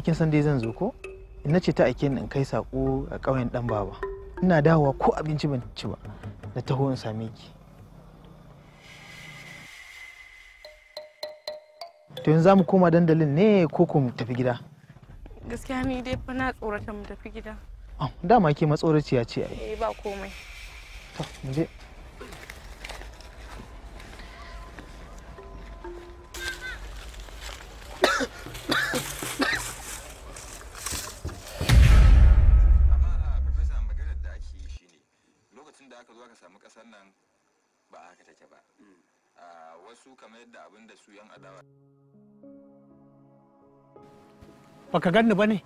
kin san dai zan zo ko na ce ta ake in kai sako a ƙauyen dan baba ina dawowa ko abinci ban ci ba na taho in same ki to yanzu zamu koma dandalin ne ko ku tafi gida gaskiya ni dai fa na tsorata mu tafi gida ah, dama ke matsoraciya ce ai eh, ba komai to mu je aka samu kasar nan ba haka take ba mm. wasu kamar yadda abin su yan adawa baka ganni ba ne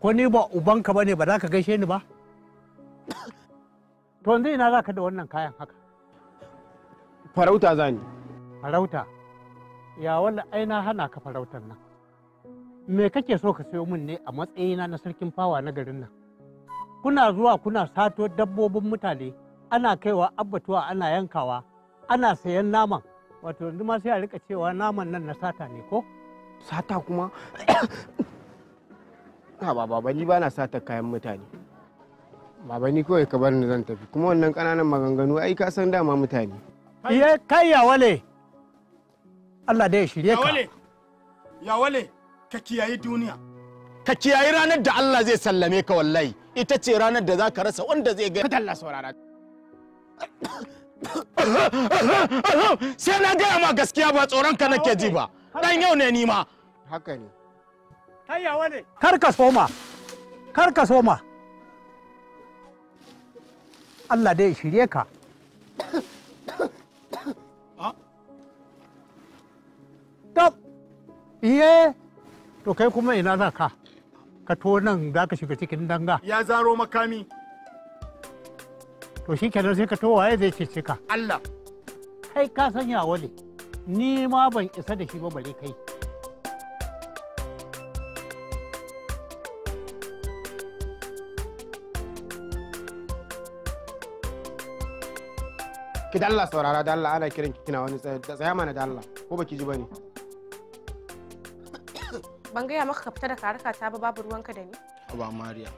ko ni ba ubanka ba ne ba za ka gaishe ni ba to yanzu ina za ka da wannan kayan haka farauta ni farauta ya wanda aina hana ka farautar nan me kake so ka sayo min ne a matsayina na sarkin fawa na garin nan kuna zuwa kuna sato dabbobin mutane ana kaiwa abbatuwa ana yankawa ana sayan naman wato yanzu ma sai a rika cewa naman nan na sata ne ko sata kuma ha ba baba ni na sata kayan mutane baba ni kawai ka bar ni zan tafi kuma wannan kananan maganganu ai ka san dama mutane iya kai ya wale Allah da ya shirye ka ya wale ka kiyayi duniya ka kiyayi ranar da Allah zai sallame ka wallahi ita ce ranar da za ka rasa wanda zai ga ka saurara sai na gaya ma gaskiya ba tsoron ka nake ji ba dan yau ne ni ma haka ne tayyawa wane kar ka soma kar ka soma Allah dai shirye ka tab iye to kai kuma ina za ka ka to nan za ka shiga cikin danga ya zaro makami to shi kenan sai ka to waye zai ce ka Allah kai ka sanya wani wale ni ma ban isa da shi ba bare kai ki dalla saurara Allah ana kiran ki kina wani tsaya mana Allah ko baki ji bane ban gaya maka ka fita da karaka ta ba babu ruwanka da ni ba mariya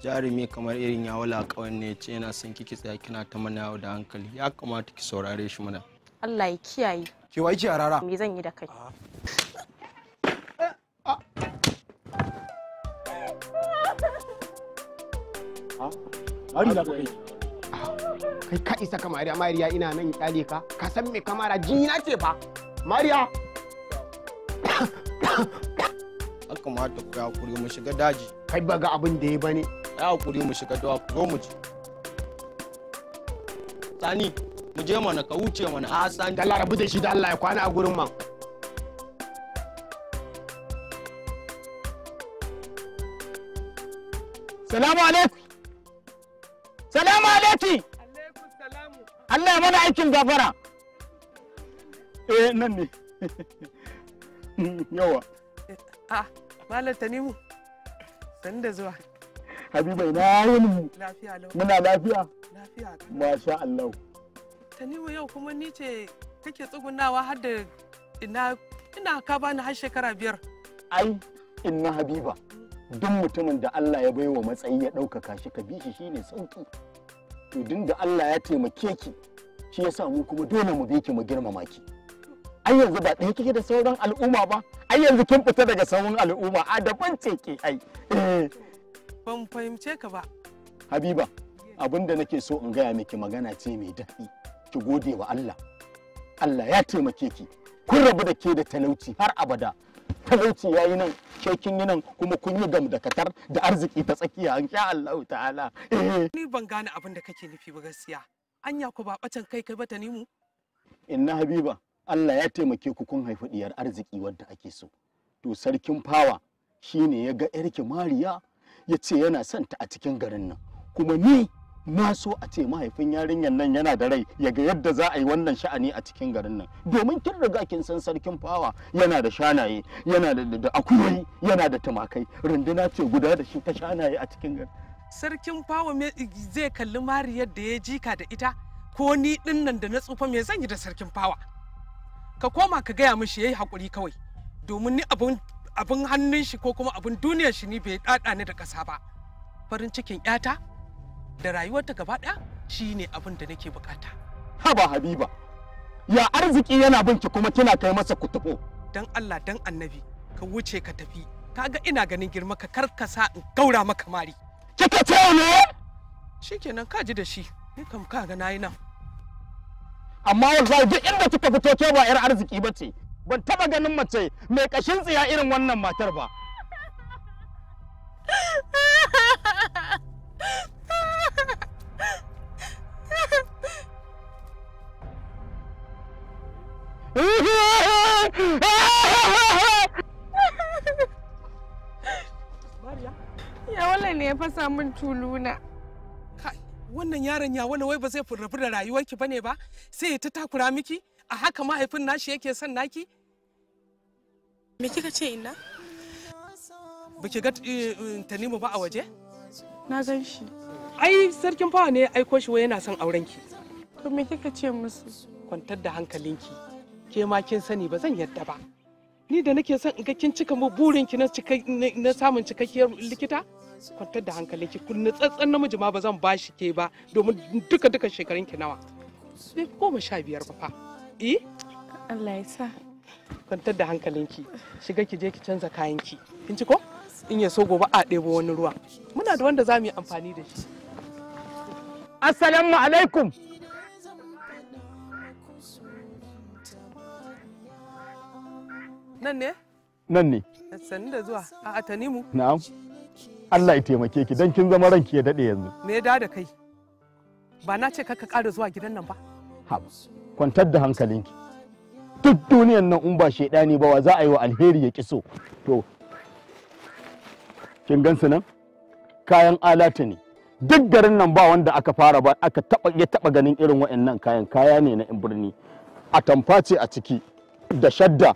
jarumi kamar irin ya wala kawan ne ce yana son kiki tsaya kina ta mana yawo da hankali ya kamata ki saurare shi mana Allah ya kiyaye ki wai a rara me zan yi da kai kai. ka isa ka Mariya, Mariya ina nan kyale ka, ka san me kamara jini na ce fa. Mariya. Haka ma ta koya kuri mu shiga daji. Kai ba ga abin da ya bane. ya hakuri mu shiga dawa zo mu ji? sani mu je mana ka wuce mana a sani da Allah rabu da shi da Allah ya kwana a gurin man salamu alaikum salamu alaikum Allah ya mana aikin gafara eh nan ne yawa eh, ah malam tanimu sanda zuwa Habiba ina mu lafiya lau. Muna lafiya? Lafiya. Masha Allah. Tanimu yau kuma ni ce kake tsugunawa har da ina ina ka bani har shekara biyar. Ai inna Habiba duk mutumin da Allah ya baiwa matsayi ya ɗaukaka shi ka bishi shi shine sauki. To din da Allah ya taimake ki shi ya mu kuma dole mu bi mu girmama ki. Ai yanzu ba ɗaya kike da sauran al'umma ba. Ai yanzu kin fita daga sauran al'umma a daban ce ke ai. Eh, Ban fahimce ka ba. Habiba, abin da nake so in gaya miki magana ce mai daɗi. Ki gode wa Allah. Allah ya taimake ki. Kun rabu da ke da talauci har abada. Talauci ya yi nan, ke kin yi nan kuma kun yi gam da katar da arziki ta tsakiya in sha Allah ta'ala. Eh. Ni ban gane abin da kake nufi ba gaskiya. Anya ku ba kai kai bata nimu? Inna Habiba, Allah ya taimake ku kun haifi diyar arziki wadda ake so. To sarkin fawa shine ya ga 'yarki Mariya ya ce yana son ta a cikin garin nan kuma ni na so a ce mahaifin yarinyar nan yana da rai ya ga yadda za a yi wannan sha'ani a cikin garin nan domin kin riga kin san sarkin fawa yana da shanaye yana da akuyoyi yana da tumakai runduna ce guda da shi ta shanaye a cikin garin sarkin fawa zai kalli mariyar yadda ya jika da ita ko ni din nan da na tsufa me zan yi da sarkin fawa ka koma ka gaya mishi yayi hakuri kawai domin ni abun abin hannun shi ko kuma abin duniyar shi ni bai dada ni da kasa ba farin cikin yata da rayuwarta gaba shine shi abin da nake bukata haba habiba ya arziki yana binki kuma kina kai masa kutubo dan Allah dan annabi ka wuce ka tafi kaga ina ganin girma ka karkasa in gaura maka mari kika ce ne shikenan ka ji da shi ni kam ka nayi nan amma wallahi duk inda kika fito ke ba yar arziki bace ban taba ganin mace mai kashin tsiya irin wannan matar ba Ya wannan ne ya fasa min tuluna. Wannan yaron ya wani wai ba zai furrafi da rayuwarki ba ne ba sai ya ta takura miki a haka mahaifin nashi yake son naki Me kika ce ina? Baki ga eh, eh, Tanimu ba a waje? Na gan shi. Ai sarkin fawa ne aiko shi wai yana son auren ki. To me kika ce musu? Kwantar da hankalinki. Ke ma kin sani ba zan yadda ba. Ni da nake son in ga kin cika mu burin ki na samun cikakkiyar likita? Kwantar da hankalinki kun tsatsan namiji ma ba zan bashi ke ba domin duka duka shekarun ki nawa. Bai goma sha biyar ba fa. Eh? Allah ya sa. kwantar da hankalinki shiga ki je ki canza kayanki kin ci ko in ya so gobe a ɗebo wani ruwa muna da wanda za mu yi amfani da shi assalamu alaikum nan ne nan ne sannu da zuwa a atanimu na'am Allah ya taimake ki dan kin zama ranki ya dade yanzu me ya da kai ba na ce ka ƙara zuwa gidan nan ba ha kwantar da hankalinki duk duniyan nan in ba shaidani ba wa za a yi wa alheri ya kiso to kin gansu nan kayan alata ne duk garin nan ba wanda aka fara ba aka taba ya taba ganin irin waɗannan kayan kaya ne na birni a tamfa a ciki da shadda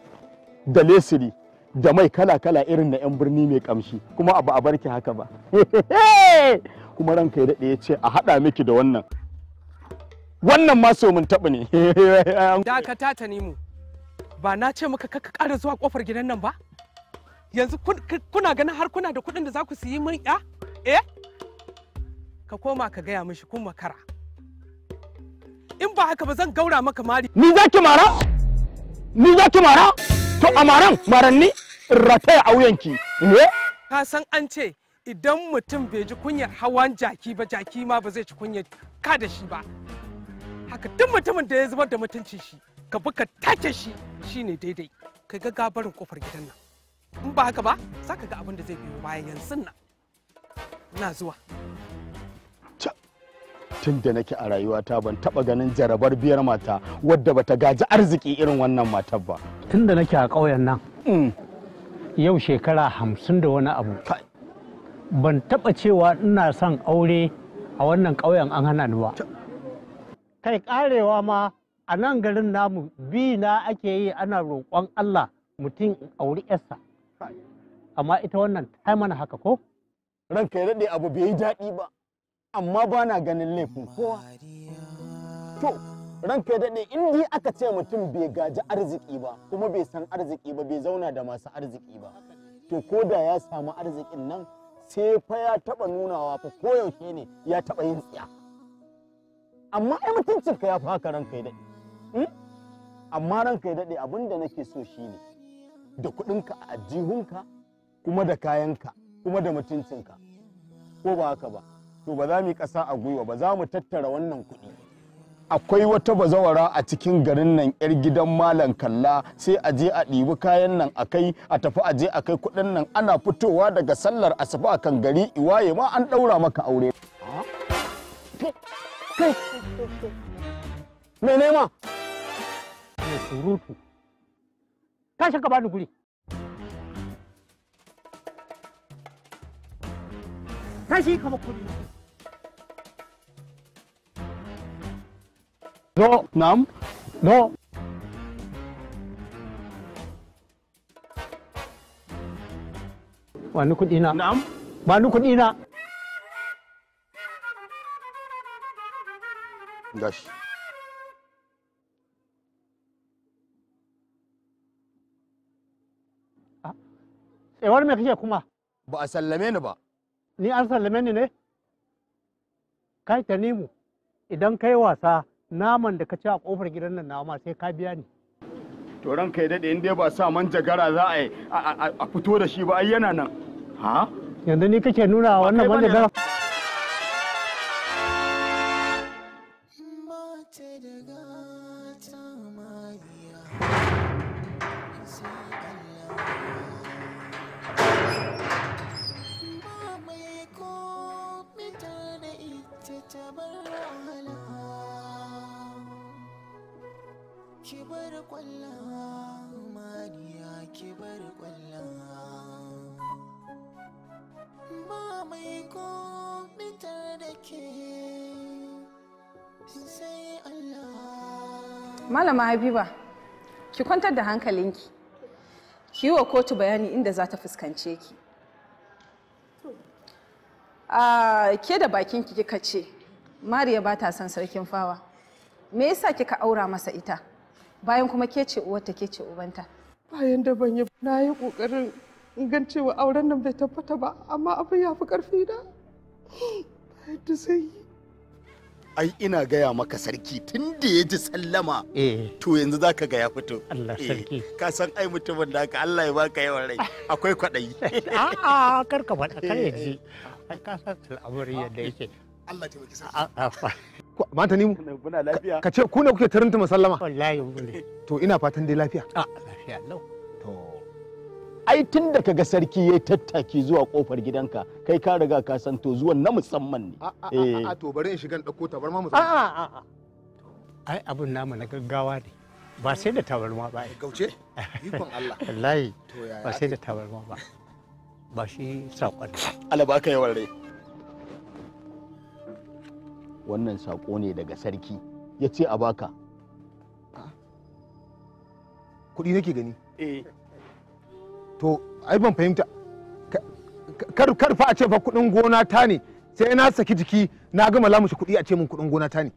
da lesiri da mai kala-kala irin na 'yan birni mai kamshi kuma abu a barki haka ba kuma ranka ya daɗe ya ce a haɗa miki da wannan wannan ma mun taɓa ne dakata ta nemo ba na ce maka ka kara zuwa kofar gidan nan ba yanzu kuna ganin har kuna da kuɗin da za ku siyi mun ya eh ka koma ka gaya mishi kun makara in ba haka ba zan gaura maka mari ni za mara ni za mara to a maran maranni rataya a wuyanki ne eh? ka san an ce idan mutum bai ji kunyar hawan jaki ba jaki ma ba zai ci kunyar ka da shi ba haka duk mutumin da ya zubar da mutunci shi ka bi ka take shi ne daidai ka ga gabarin kofar gidan nan in ba haka ba za ka ga abin da zai biyo bayan yanzu nan na zuwa tun da nake a rayuwata ban taba ganin jarabar biyar mata wadda bata gaji arziki irin wannan matar ba tun da nake a ƙauyen nan mm. yau shekara hamsin da wani abu ban taba cewa ina son aure a wannan ƙauyen an hana ni ba kai karewa ma a nan garin namu bi na ake yi ana roƙon Allah mutum auri yarsa amma ita wannan ta mana haka ko ranka ya daɗe abu bai yi daɗi ba amma ba na ganin laifin kowa to ranka ya daɗe in dai aka ce mutum bai gaji arziki ba kuma bai san arziki ba bai zauna da masu arziki ba to ko da ya samu arzikin nan sai fa ya taɓa nunawa fa koyaushe ne ya taɓa yin tsiya amma ai mutuncinka ya fi haka ranka ya daɗe Hmm? amma ranka ya daɗe abin da nake so shine da kuɗinka a ajihunka kuma da kayanka kuma da mutuncinka ko ba haka ba to ba za mu yi ƙasa a gwiwa ba za mu tattara wannan kuɗi akwai wata bazawara a cikin garin nan yar gidan malam kalla sai a je a ɗibi kayan nan a kai a tafi a je a kai kuɗin nan ana fitowa daga sallar a kan gari iwaye ma an ɗaura maka aure. mai ah. nema surutu tashi ka bani guri tashi ka kuri no nam Ba wani kudi na nam ba ni kuɗi na gashi tsewar eh, me kake kuma ba a sallame ni ba ni an sallame ni ne kai nemo idan kai wasa naman da ka ci a kofar gidan nan nawa sai ka biya ni to ran kai dade in dai ba sa manjagara za a a fito da shi ba ai yana nan ha yanzu ni kake nuna wannan manjagara ki bari Malama Habiba ki kwantar da hankalinki ki yi wa kotu bayani inda za ta fuskance ki a ke da bakinki kika ce mariya ba ta son sarkin fawa me yasa kika aura masa ita bayan kuma ke ce uwarta ke ce ubanta bayan da ban yi na yi kokarin gan cewa auren nan bai tabbata ba amma abin ya fi karfi da bayan da zai yi ai ina gaya maka sarki tun da ya ji sallama eh. to yanzu za ka gaya fito Allah eh, sarki ka san ai mutumin da haka Allah ya baka yawan rai akwai kwaɗayi a'a kar ka faɗa kar ya ji eh. ka san al'amari yadda yake Allah ta baki sarki ma ta lafiya ka ce ku ne kuke tarinta musallama wallahi ne to ina fatan dai lafiya a ah, lafiya lau to ai tun da kaga sarki ya tattaki zuwa kofar gidanka kai ka riga ka san to zuwan na musamman ne a ah, ah, eh. to bari in shiga dauko tabarma musamman a a ai abun namu na gaggawa ne ba sai da tabarma ba gauce ikon Allah wallahi ba sai da tabarma ba ba shi saƙon Allah baka yawan rai wannan saƙo ne daga sarki ya ce a baka kuɗi nake gani eh. to ai ban fahimta kar fa a ce fa kuɗin gona ta ne sai na saki jiki na gama lamushe kuɗi a ce min kuɗin gona ta ne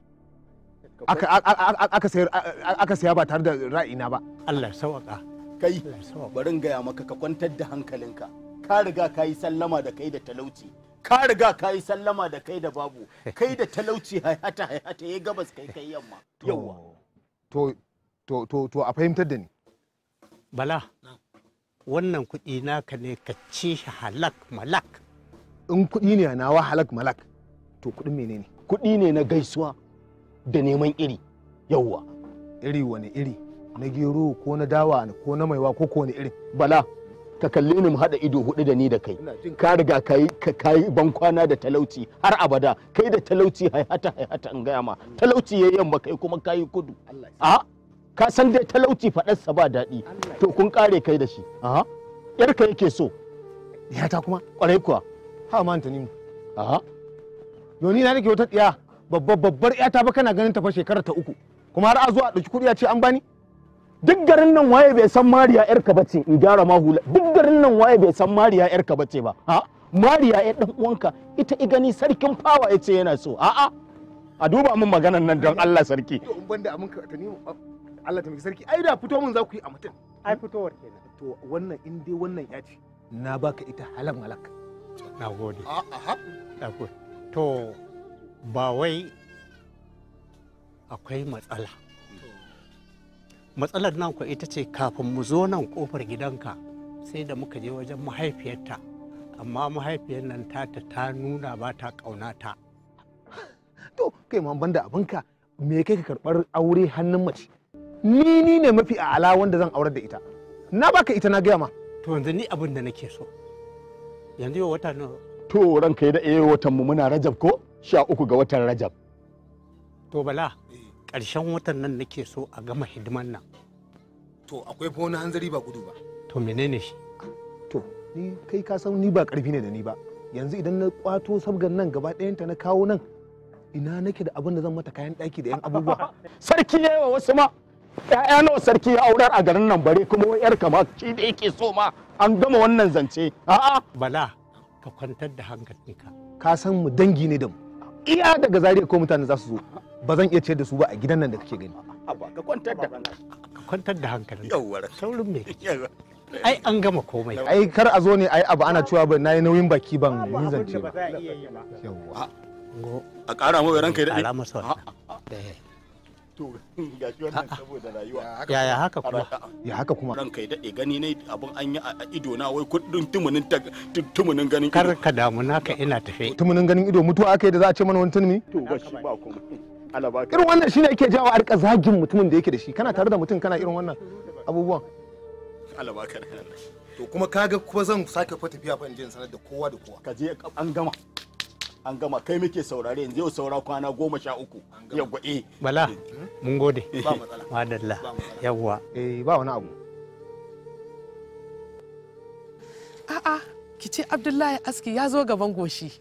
aka saya ba tare da ra'ina ba Allah sauƙa kai bari gaya maka ka kwantar da hankalinka ka riga ka yi sallama da kai da talauci ka riga ka yi sallama da kai da babu kai da talauci hayata hayata ya eh, gabas kai kai yamma yawa to to to to a fahimtar da ni bala wannan kuɗi naka ne ka ci halak malak in kuɗi ne nawa halak malak to kuɗin menene kuɗi ne na gaisuwa da neman iri yawa iri wani iri na gero ko na dawa ko na maiwa ko ko wani iri bala ka kalli ni mu haɗa ido hudu da ni da kai ka riga ka yi bankwana da talauci har abada kai da talauci haihata haihata in gaya ma talauci ya yamma kai kuma ka yi kudu a ah, ka san dai talauci faɗarsa ba daɗi to kun kare kai da shi a ah, ka yake so ta kuma ƙwarai kuwa ha ma antoni ah. a yoni na nake wata tsiya babbar babbar ta ba kana ganin ta fa shekarar ta uku kuma har a zuwa a ɗauki kuɗi ya ce an bani duk garin nan waye bai san mariya yarka bace in gyara ma hula duk garin nan waye bai san mariya yarka bace ba ha mariya yar dan uwanka ita i gani sarkin fawa yace yana so a a a duba min maganar nan don Allah sarki to banda amin ka tani Allah ta miki sarki ai da fito mun za ku yi a mutun ai fitowar kenan to wannan in dai wannan ya ce na baka ita halan halak na gode a a ha na gode to ba wai akwai matsala matsalar nan ku ita ce kafin mu zo nan kofar gidanka sai da muka je wajen mahaifiyarta amma mahaifiyar nan ta ta nuna ba ta ta. to kai ma banda abinka me kai ka karɓar aure hannun mace ni ni ne mafi ala wanda zan aurar da ita na baka ita na gaya ma to yanzu ni abin da nake so yanzu yau wata nawa to ranka da eh watan mu muna rajab ko sha uku ga watan rajab to bala eh. ƙarshen watan nan nake so a gama hidiman nan to akwai fa hanzari ba gudu ba to menene shi to ni kai ka san ni ba karfi ne da ni ba yanzu idan na kwato sabgan nan gaba ɗayanta na kawo nan ina nake da abin da zan mata kayan ɗaki da yan abubuwa sarki ya wa wasu ma ƴaƴa nawa sarki ya aurar a garin nan bare kuma wai yar kama shi da yake so ma an gama wannan zance a'a bala ka kwantar da hankalinka ka san mu dangi ne da mu iya daga zariya ko mutane za su zo ba zan iya ciyar da su ba a gidan nan da kake gani ka kwantar da ka kwantar da hankalin saurin me ai an gama komai ai kar a zo ne ai abu ana cewa ba nayi nauyin baki ban mun zance ba Yawwa. a ƙara mai ranka da Alama sa. to gashi wannan saboda rayuwa yaya haka kuma ya haka kuma ranka ya dade gani ne abun an yi a ido na wai kudin tumunin tumunin ganin kar ka damu naka ina tafe tumunin ganin ido mutuwa akai da za a ce mana wani tunmi. to shi ba kuma irin wannan shine yake jawo a rika zagin mutumin da yake da shi kana tare da mutum kana irin wannan abubuwan alaba ka to kuma kaga kuma zan sake fa tafiya fa injin sanar da kowa da kowa kaje an gama an gama kai muke saurare yanzu yau saura kwana goma sha uku yawwa eh bala eh. mun gode ba matsala madalla yawwa eh ba wani abu a'a ki ce abdullahi aski ya zo gaban goshi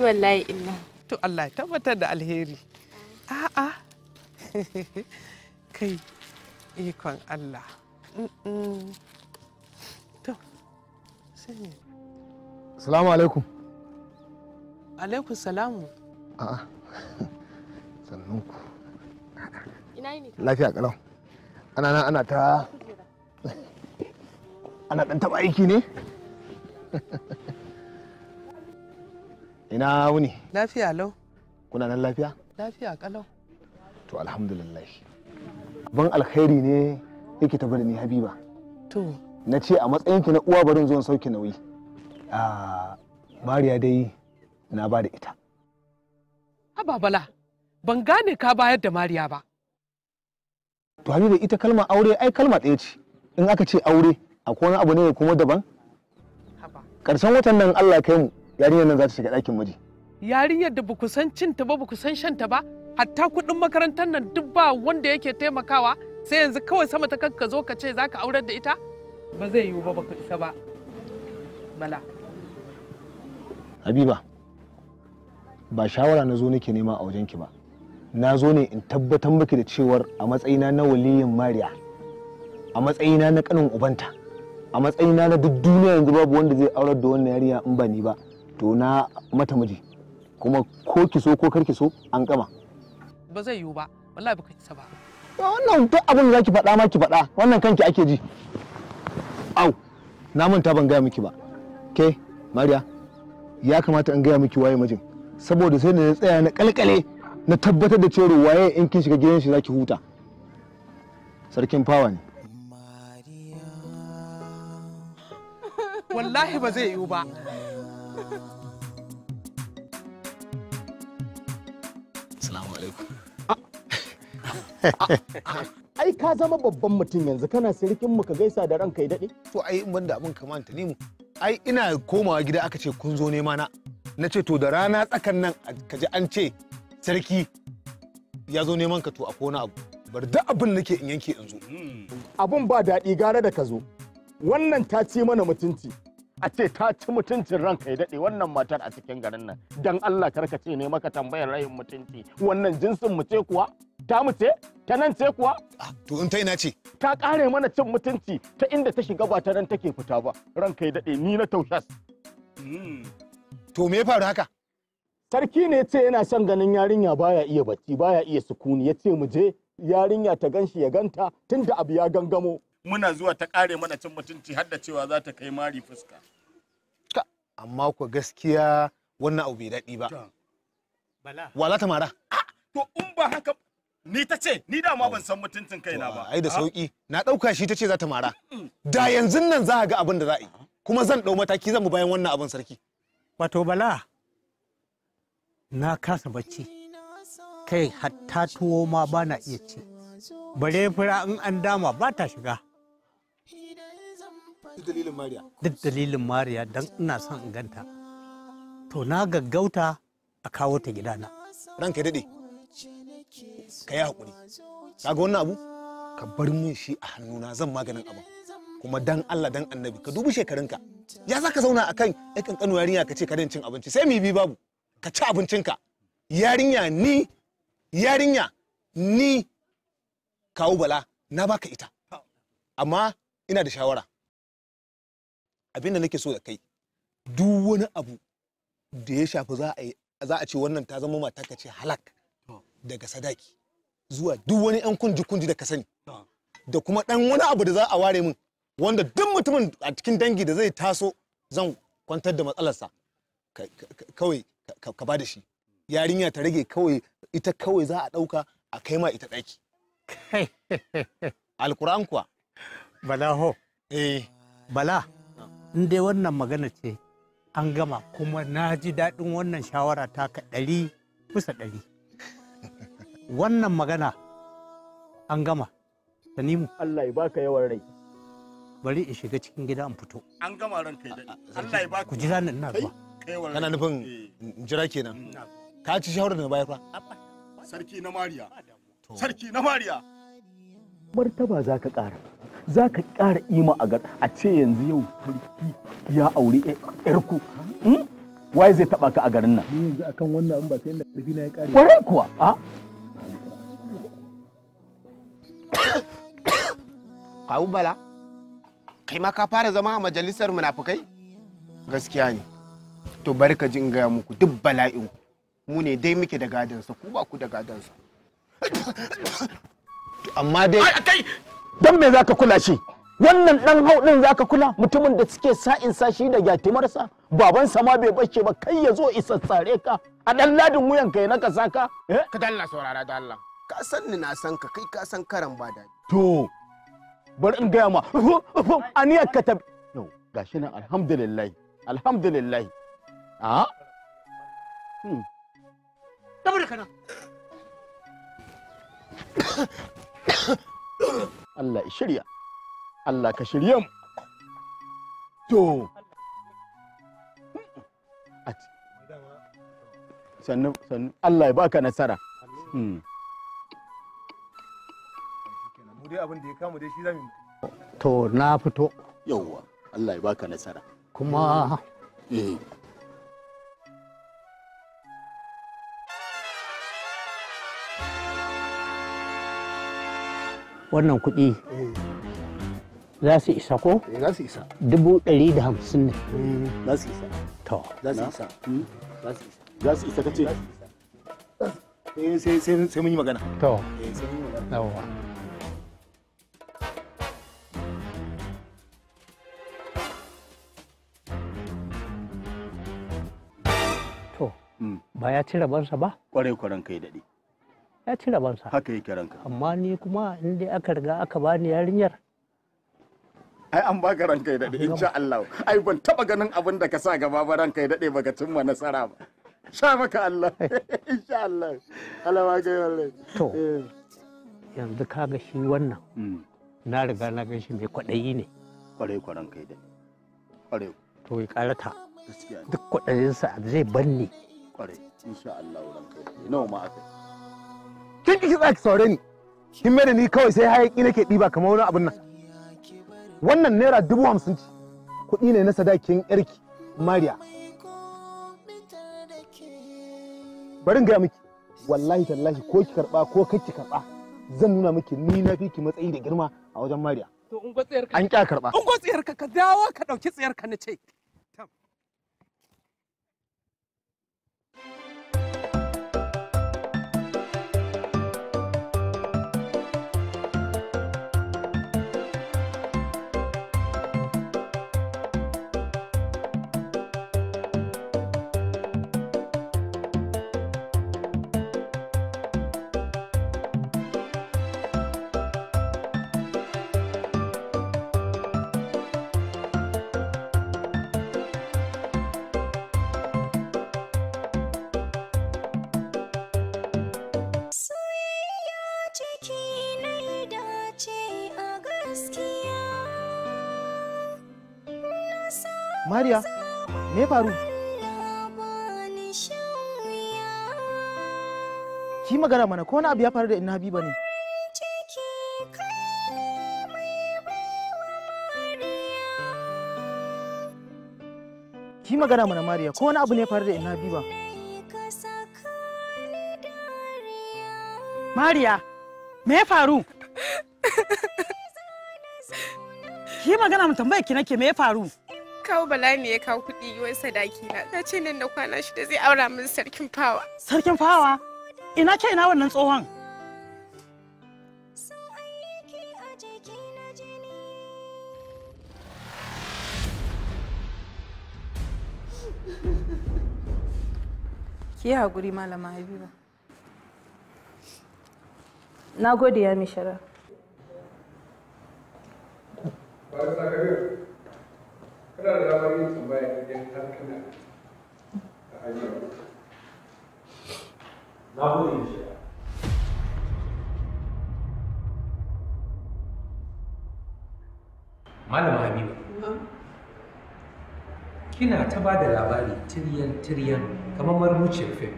wallahi illa to Allah ya tabbatar da alheri A'a. Kai ikon Allah. To, sai Salamu alaikum. Alaikum salamu. A'a. Sannunku. Ina yi ne? Lafiya kalau. Ana nan ana ta ana dan taba aiki ne? Ina wuni? Lafiya lau. Kuna nan lafiya? lafiya kalau to alhamdulillah ban alkhairi ne yake ta da ni habiba to na ce a ki na uwa barin zuwan sauki nauyi a ah, mariya dai na ba da ita haba ban gane ka bayar da mariya ba to habiba ita kalmar aure ai kalma ɗaya ce in aka ce aure akwai wani abu ne kuma daban karshen watan nan allah kai mu yarinyar nan za ta shiga ɗakin miji yarinyar da baku san cinta ba baku san shanta ba hatta kuɗin makarantar nan duk ba wanda yake taimakawa sai yanzu kawai sama ta kanka zo ka ce zaka aurar da ita ba zai yiwu ba baka isa ba bala habiba ba shawara na zo nake nema a wajenki ba na zo ne in tabbatar miki da cewar a matsayina na waliyin mariya a matsayina na kanin ubanta a matsayina na duk duniya yanzu babu wanda zai aurar da wannan yarinya in ba ni ba to na mata miji kuma ko ki so ko kar ki so an gama ba zai yiwu ba wallahi ba ka ba wannan duk abin da zaki faɗa ma ki faɗa wannan kanki ake ji au na manta ban gaya miki ba ke mariya ya kamata in gaya miki waye majin saboda sai na tsaya na kalkale na tabbatar da cewa waye in kin shiga gidan shi zaki huta sarkin fawa ne wallahi ba zai yiwu ba ai ka zama babban mutum yanzu kana sirikin mu ka gaisa da ranka ya daɗe to ai in banda abin kamanta ne mu ai ina komawa gida aka ce kun zo nema na na ce to da rana tsakan nan ji an ce sarki ya zo neman ka to a kona abu bar da abin nake in yanke in zo hmm. abun ba daɗi gara da ka zo wannan ta ci mana mutunci a ce ta ci mutuncin ranka ya daɗe wannan matar a cikin garin nan don Allah karka ce ne maka tambayar rayin mutunci wannan jinsin mu ce kuwa ta mu ce ta nan ce kuwa to in ta ina ce ta kare mana cin mutunci ta inda ta shiga ba ta nan take fita ba ranka ya daɗe ni na taushas hmm. to me ya faru haka sarki ne ya ce yana son ganin yarinya baya iya bacci baya iya sukuni ya ce mu je yarinya ta ganshi ya ganta tunda abu ya gangamo muna zuwa ta kare mana cin mutunci har da cewa za ta kai mari fuska amma ku gaskiya wannan abu bai daɗi ba bala wala ta mara to in ba haka ni ta ce ni da ma ban san mutuncin kaina ba ai da sauki na ɗauka shi ta ce za ta mara da yanzu nan za ga abin da za a yi kuma zan ɗau mataki zan mu bayan wannan abin sarki wato bala na kasa bacci kai hatta tuwo ma ba na iya ci bare fura in an dama ba ta shiga duk dalilin mariya duk don ina son in ganta to na gaggauta a kawo ta gidana ranka daɗe ka yi haƙuri kaga wannan abu ka bar min shi a hannuna zan maganin abin kuma dan Allah dan annabi ka dubi shekarunka ya za ka zauna akan ya kankanu yarinya ka ce ka cin abinci sai mu bi babu ka ci abincinka yarinya ni yarinya ni kawo bala na baka ita amma ina da shawara abin da nake so da kai duk wani abu da ya shafi za a ce wannan ta zama mata ka ce halak daga sadaki zuwa duk wani yan kunji kunji da ka sani da kuma dan wani abu da za a ware min wanda duk mutumin a cikin dangi da zai taso zan kwantar da matsalarsa kawai ka ba da shi yarinya ta rage kawai ita kawai za a ɗauka a kai ma ita ɗaki alkuran kuwa bala ho eh bala in dai wannan magana ce an gama kuma na ji daɗin wannan shawara ta ka ɗari bisa ɗari wannan magana an gama Sanimu. Allah ya baka yawan rai bari in shiga cikin gida in fito an gama ran kai Allah ya baka ku jira ni ina zuwa kana nufin eh. jira kenan ka ci shawarar da na bayar fa sarki na mariya sarki na mariya martaba za ka ƙara za ka ƙara ima a gar a ce yanzu yau sarki ya aure yarku hmm? waye zai taba ka a garin nan yanzu akan wannan an ba sai inda ƙarfi na ya ƙare kwarai kuwa a kawu bala kai ma ka fara zama a majalisar munafukai gaskiya ne to bari ka jin gaya muku duk bala'in mu ne dai muke da gadansa ku ba ku da gadansa amma dai don me ka kula shi wannan dan hau din ka kula mutumin da suke sa'in sa shi da gyatimarsa babansa ma bai bace ba kai ya zo isassare ka a dan ladin wuyan ka ya naka saka ka dalla saurara da Allah ka san ni na san ka kai ka san karan ba da to bari in gaya ma aniyar ka ta yau gashi nan alhamdulillah alhamdulillah a hmm. tabbata kana Allah ya shirya Allah ka shirya mu to Allah ya baka nasara hmm. to na fito yauwa Allah ya baka nasara kuma eh. wannan kuɗi za su isa ko? Eh, za su isa dubu ɗari da hamsin ne eh, za su isa to hmm? za su isa za su isa ka ce eh, sai mun yi magana to hmm. ba ya ci rabansa ba? Kwarai kai daɗi. ya ci rabansa haka yake ranka amma ni kuma in dai aka riga aka bani yarinyar ai an baka ranka ya dade insha Allah ai ban taba ganin abin da ka sa gaba ba ranka ya dade baka cimma nasara ba sha maka Allah insha Allah Allah ma ga wallahi to eh. yanzu kaga shi wannan hmm. na riga na ga shi mai kwaɗayi ne kwarai kwaran kai da kwarai to ya karata duk kwaɗayinsa zai banne kwarai insha Allah ranka ne nawa ma akai ki kike tsaki saure ni kin mai da ni kawai sai hayaki nake diba kamar wani abin nan wannan naira dubu hamsin ce kuɗi ne na sadakin yarki mariya bari gaya miki wallahi tallahi ko ki karɓa ko ki karɓa zan nuna miki ni na fi ki matsayi da girma a wajen mariya an kya karɓa in ka dawo ka ɗauki tsayarka na ce Mariya, me faru? Ki magana mana ko wani abu ya faru da ina Habiba ne? Ki magana mana Maria, ko wani abu ne faru da ina Habiba? Mariya, me ya faru? Ki magana mu tambaya ki nake me ya faru? kawo bala ne ya kawo kuɗi wai sadaki na ta ce nan da kwana shida zai aura min sarkin fawa sarkin fawa ina ke ina wannan tsohon ki haƙuri malama habiba na gode ya mishara kana da damar yin tambaya idan har kana a hanyar na gode shi Malam Habiba. Kina ta ba da labari tiriyan tiriyan kamar marubuciyar fim.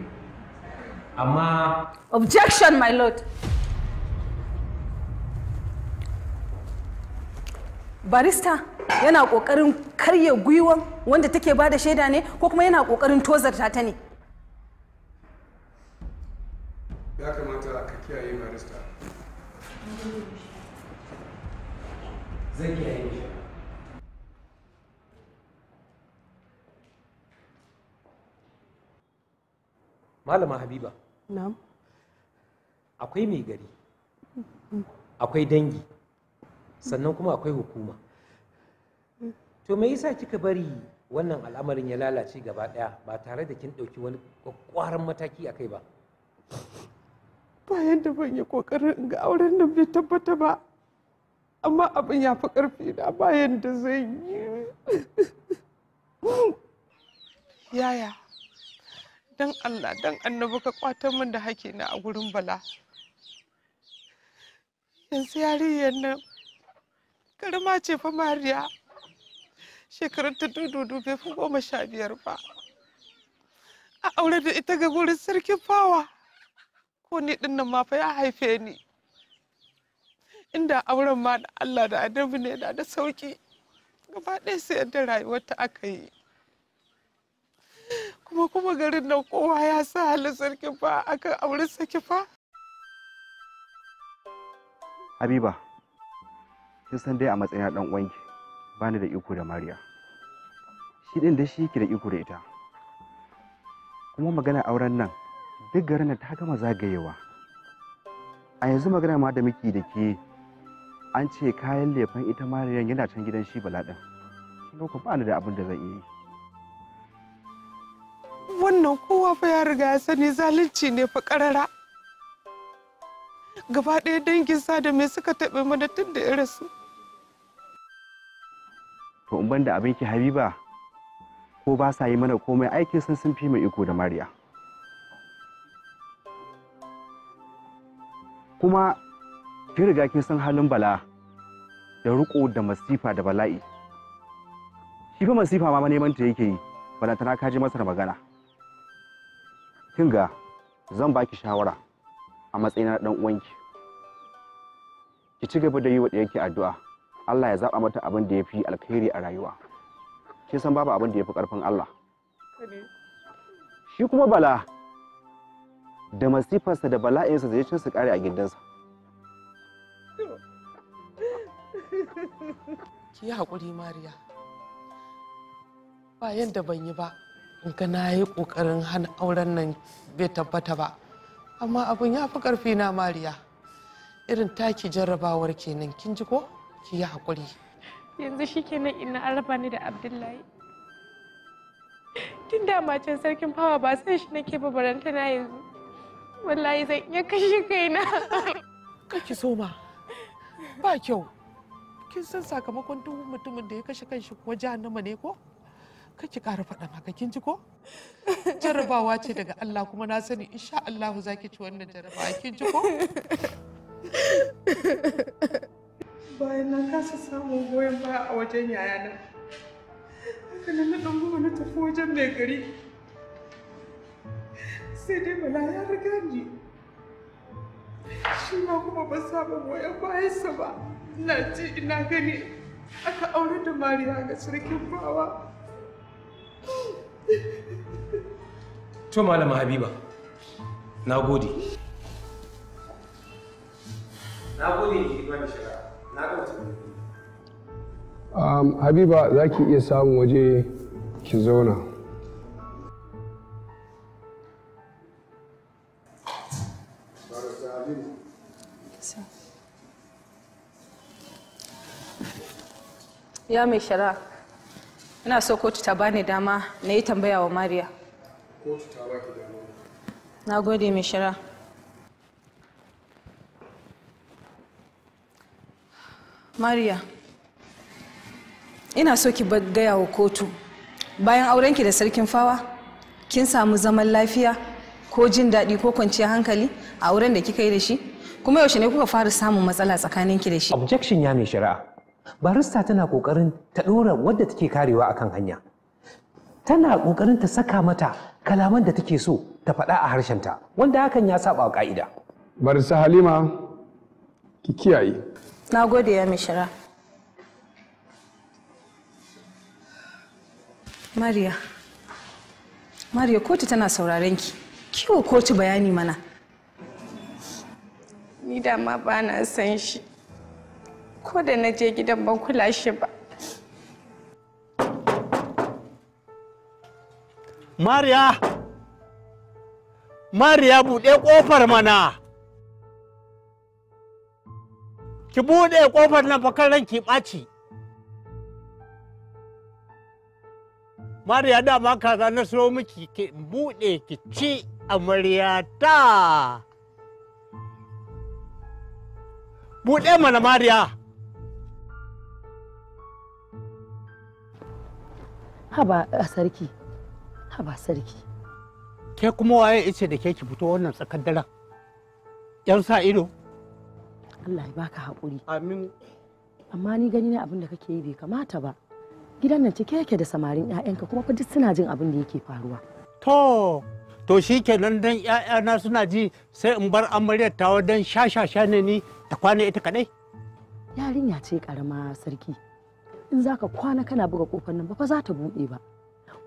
Amma. Objection, my lord. Barista, yana kokarin karya gwiwan wanda take bada shaida ne ko kuma yana kokarin tozarta ta ne ya kamata ka kiyaye barista zai kiyaye malama habiba na'am akwai mai gari akwai dangi sannan kuma akwai hukuma to me yasa kika bari wannan al'amarin ya lalace gaba daya ba tare da kin ɗauki wani kwakwaran mataki a kai ba bayan da ban yi kokarin ga auren nan bai tabbata ba amma abin ya fi karfi na bayan da zai yi yaya don allah don annabi ka kwata min da hake na a gurin bala yanzu yarinyar nan karma ce fa mariya shekarun ta dudu bai fi goma sha biyar ba a aure da ita ga gurin sarkin fawa ko ni din nan ma fa ya haife ni inda auren ma da Allah da adabu ne da da sauki gaba ɗaya sai yadda rayuwarta aka yi kuma kuma garin nan kowa ya sa halin sarki fa akan auren sarkin fa Habiba kin san dai a matsayin dan uwanki bani da iko da mariya shi ɗin da shi yake da iko da ita kuma magana auren nan duk garin ta gama zagayewa a yanzu magana ma da miki da ke an ce kayan lefan ita mariyan yana can gidan shi bala ɗin lokacin ba ni da abin da zan yi wannan kowa fa ya riga ya sani zalunci ne fa karara gaba ɗaya dangin sa da me suka taɓe mana tun da irinsu ban da abinki habiba ko ba sa yi mana komai aikin sun sun fi mai iko da mariya kuma kin riga kin san halin bala da riko da masifa da bala'i shi fa masifa ma neman ta yake yi Bala tana ka masa da magana kin ga zan baki shawara a matsayin na dan uwanki ki ci gaba da yi wa ɗiyarki addu'a Allah ya zaɓa mata abin da ya fi alkhairi a rayuwa Ke san babu abin da ya fi ƙarfin Allah shi kuma bala da masifarsa da bala'insa zai cin su kare a gidansa ki yi haƙuri mariya ba yadda ban yi ba in ga na yi ƙoƙarin hana auren nan bai tabbata ba amma abin ya fi ƙarfi na mariya irin taki jarrabawar kenan kin ji ko? ki yi haƙuri yanzu nan ina araba ne da abdullahi tun da macen sarkin fawa ba san shi nake babaranta na yanzu wallahi zan iya kashe kaina Kaki so ma ba kyau kin san sakamakon duk mutumin da ya kashe kanshi kuwa jahannama ne ko Kaki ƙara faɗa maka kin ji ko jarabawa ce daga Allah kuma na sani insha za zaki ci wannan jarabawa kin ji ko bayan na kasa samun goyon baya a wajen yayana haka nan na ɗan na tafi wajen mai gari sai dai bala ya riga ni shi ma kuma ba samu goyon bayansa ba ina ji ina gani aka aure da mariya ga sarkin bawa to malama habiba na gode na gode ki ba da shara Um, Habiba za ki iya samun waje ki zauna. Ya mai shara, ina so kotu ta bani dama na yi tambaya wa Mariya. Kotu ta ki dama. Na gode mai shara. maria ina so ki gaya wa kotu bayan aurenki da sarkin fawa kin samu zaman lafiya ko jin daɗi ko kwanciyar hankali a auren da kika yi da shi kuma yaushe ne kuka fara samun matsala tsakaninki da shi. Objection ya mai shari'a. Barista tana ƙoƙarin ta ɗora wadda take karewa akan hanya. Tana ƙoƙarin ta saka mata kalaman da take so ta faɗa a harshenta wanda hakan ya saba wa ƙa'ida. Barista Halima ki kiyaye. Na gode ya mishira. Mariya. Mariya kotu tana sauraren ki. Kiwo kotu bayani mana. Ni da ma ba na san shi. Ko da na je gidan ban kula shi ba. Mariya! Mariya buɗe ƙofar mana! ki buɗe ƙofar nan fakar ran ki ɓaci mariya dama kaza na so miki ki buɗe ki ci amaryata buɗe mana mariya haba a sarki haba sarki ke kuma waye ice da ke ki fito wannan tsakar daren yan sa ido Allah ya baka hakuri. amin amma ni gani ne abin da kake yi bai kamata ba gidan nan cike yake da samarin 'ya'yanka kuma fa duk suna jin abin da yake faruwa to to shi nan dan 'ya'yana suna ji sai in bar amaryar tawa dan shashasha ne ni ta kwana ita kadai yarinya ce karama sarki in zaka kwana kana buga kofar nan ba fa za ta buɗe ba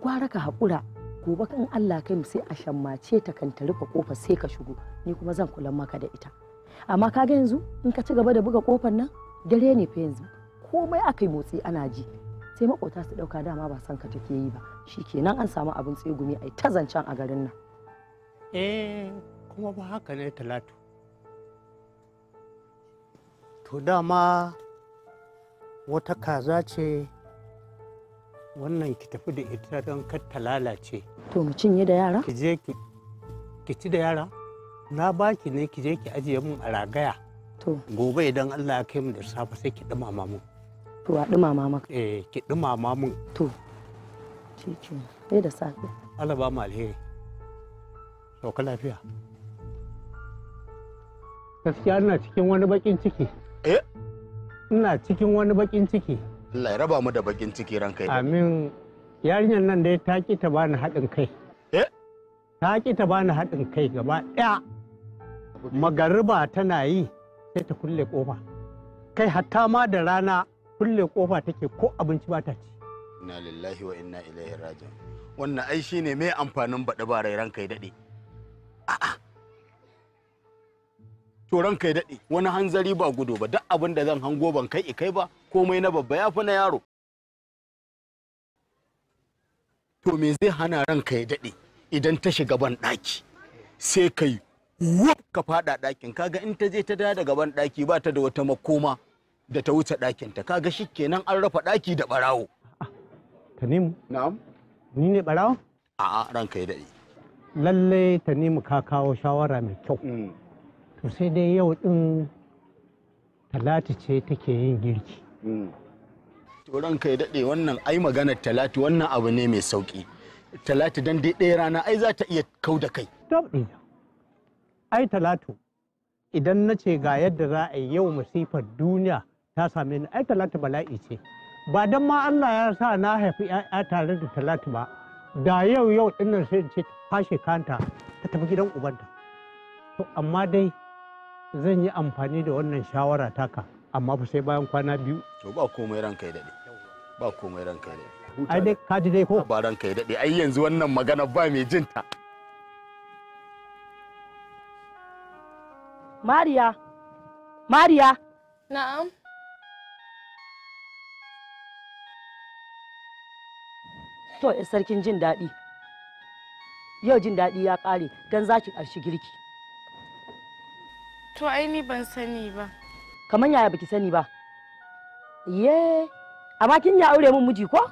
gwara ka haƙura gobe kan Allah kai mu sai a shammace ta kan ta rufe kofar sai ka shigo ni kuma zan kula maka da ita amma ka ga yanzu in ka ci gaba da buga kofar nan dare ne fa yanzu komai aka motsi ana ji sai makota su dauka dama ba san ka take yi ba shikenan an samu abin tsegumi ai ta zancen a garin nan eh kuma ba haka ne talatu to dama wata kaza ce wannan ki tafi da ita don kar ta lalace to mu cinye da yara ki je ki ci da yara na baki ne ki je ki ajiye mun a ragaya to gobe idan Allah ya kai mu da safe sai ki dumama mun to a dumama maka eh ki dumama mun to cikin sai da safe Allah ba mu alheri ka lafiya gaskiya ina cikin wani bakin ciki eh ina cikin wani bakin ciki Allah ya raba mu da bakin ciki ranka amin yarinyar nan da ta ki ta bani haɗin kai eh? ta ki ta bani haɗin kai gaba ɗaya magariba tana yi sai ta kulle kofa kai hatta ma da rana kulle kofa take ko abinci ba ta ci Ina lillahi wa inna ilaihi raji'un wannan ai shine mai amfanin baɗi ba rai ranka ya daɗe a'a to ranka ya dade wani hanzari ba gudu ba duk abin zan hango ban kai kai ba komai na babba ya na yaro to me zai hana ranka ya daɗe idan ta shiga ban ɗaki sai kai wuf ka fada ɗakin kaga in ta je ta da daga ban daki ba ta da wata makoma da ta wuce dakin ta kaga shikenan an rafa ɗaki da barawo Tanimu? Na'am. Ni ne a a ranka ya dai Lallai Tanimu ka kawo shawara mai kyau. Mm. To sai dai yau ɗin Talatu ce take yin girki. Mm. To ranka ya dade wannan ai maganar Talatu wannan abu ne mai sauki Talatu dan dai ɗaya rana ai za ta iya kau da kai. ai talatu idan na ce ga yadda za a yi yau masifar duniya ta same ni ai talatu bala'i ce ba don ma Allah ya sa na haifi ya tare da talatu ba da yau yau dinnan sai ce fashe kanta ta tafi gidan ubanta to amma dai zan yi amfani da wannan shawara taka amma fa sai bayan kwana biyu to ba komai ranka ya dade ba komai ranka ya dade ai dai ka dai ko ba ranka ya dade ai yanzu wannan magana ba mai jinta Mariya. Mariya. Na'am. To, eh, sarkin jin daɗi. Yau jin daɗi ya ƙare don za ki ƙarshi girki. To, ai ni ban sani ba. Kamar yaya baki sani ba? Ye, amma kin ya aure mun miji ko?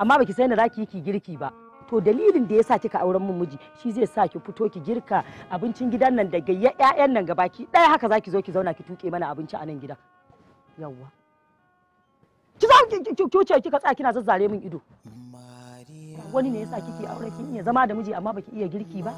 Amma baki sani da za ki yi ki girki ba. to dalilin da ya sa kika auren mun miji shi zai sa ki fito ki girka abincin gidan nan da gayya ƴaƴan nan gaba. Ki ɗaya haka zaki zo ki zauna ki tuke mana abinci a nan gida yawwa ki zo ki kika tsaya kina zazzare min ido wani ne ya sa kike aure kin iya zama da miji amma baki iya girki ba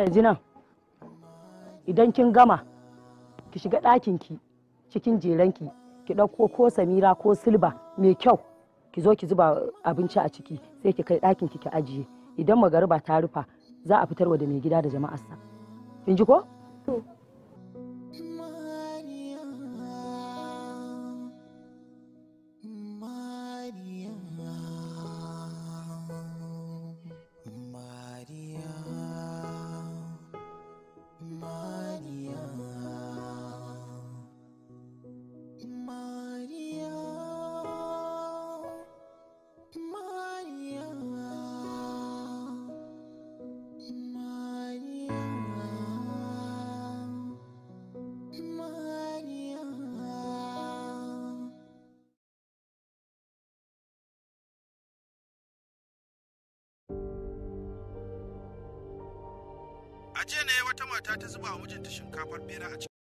yanzu nan idan kin gama ki shiga ɗakinki cikin jeranki ki ɗauko ko samira ko silba mai kyau ki zo ki zuba abinci a ciki sai ki kai ɗakinki ki ajiye idan magariba ta rufa za a fitarwa da mai gida da jama'arsa in ji ko?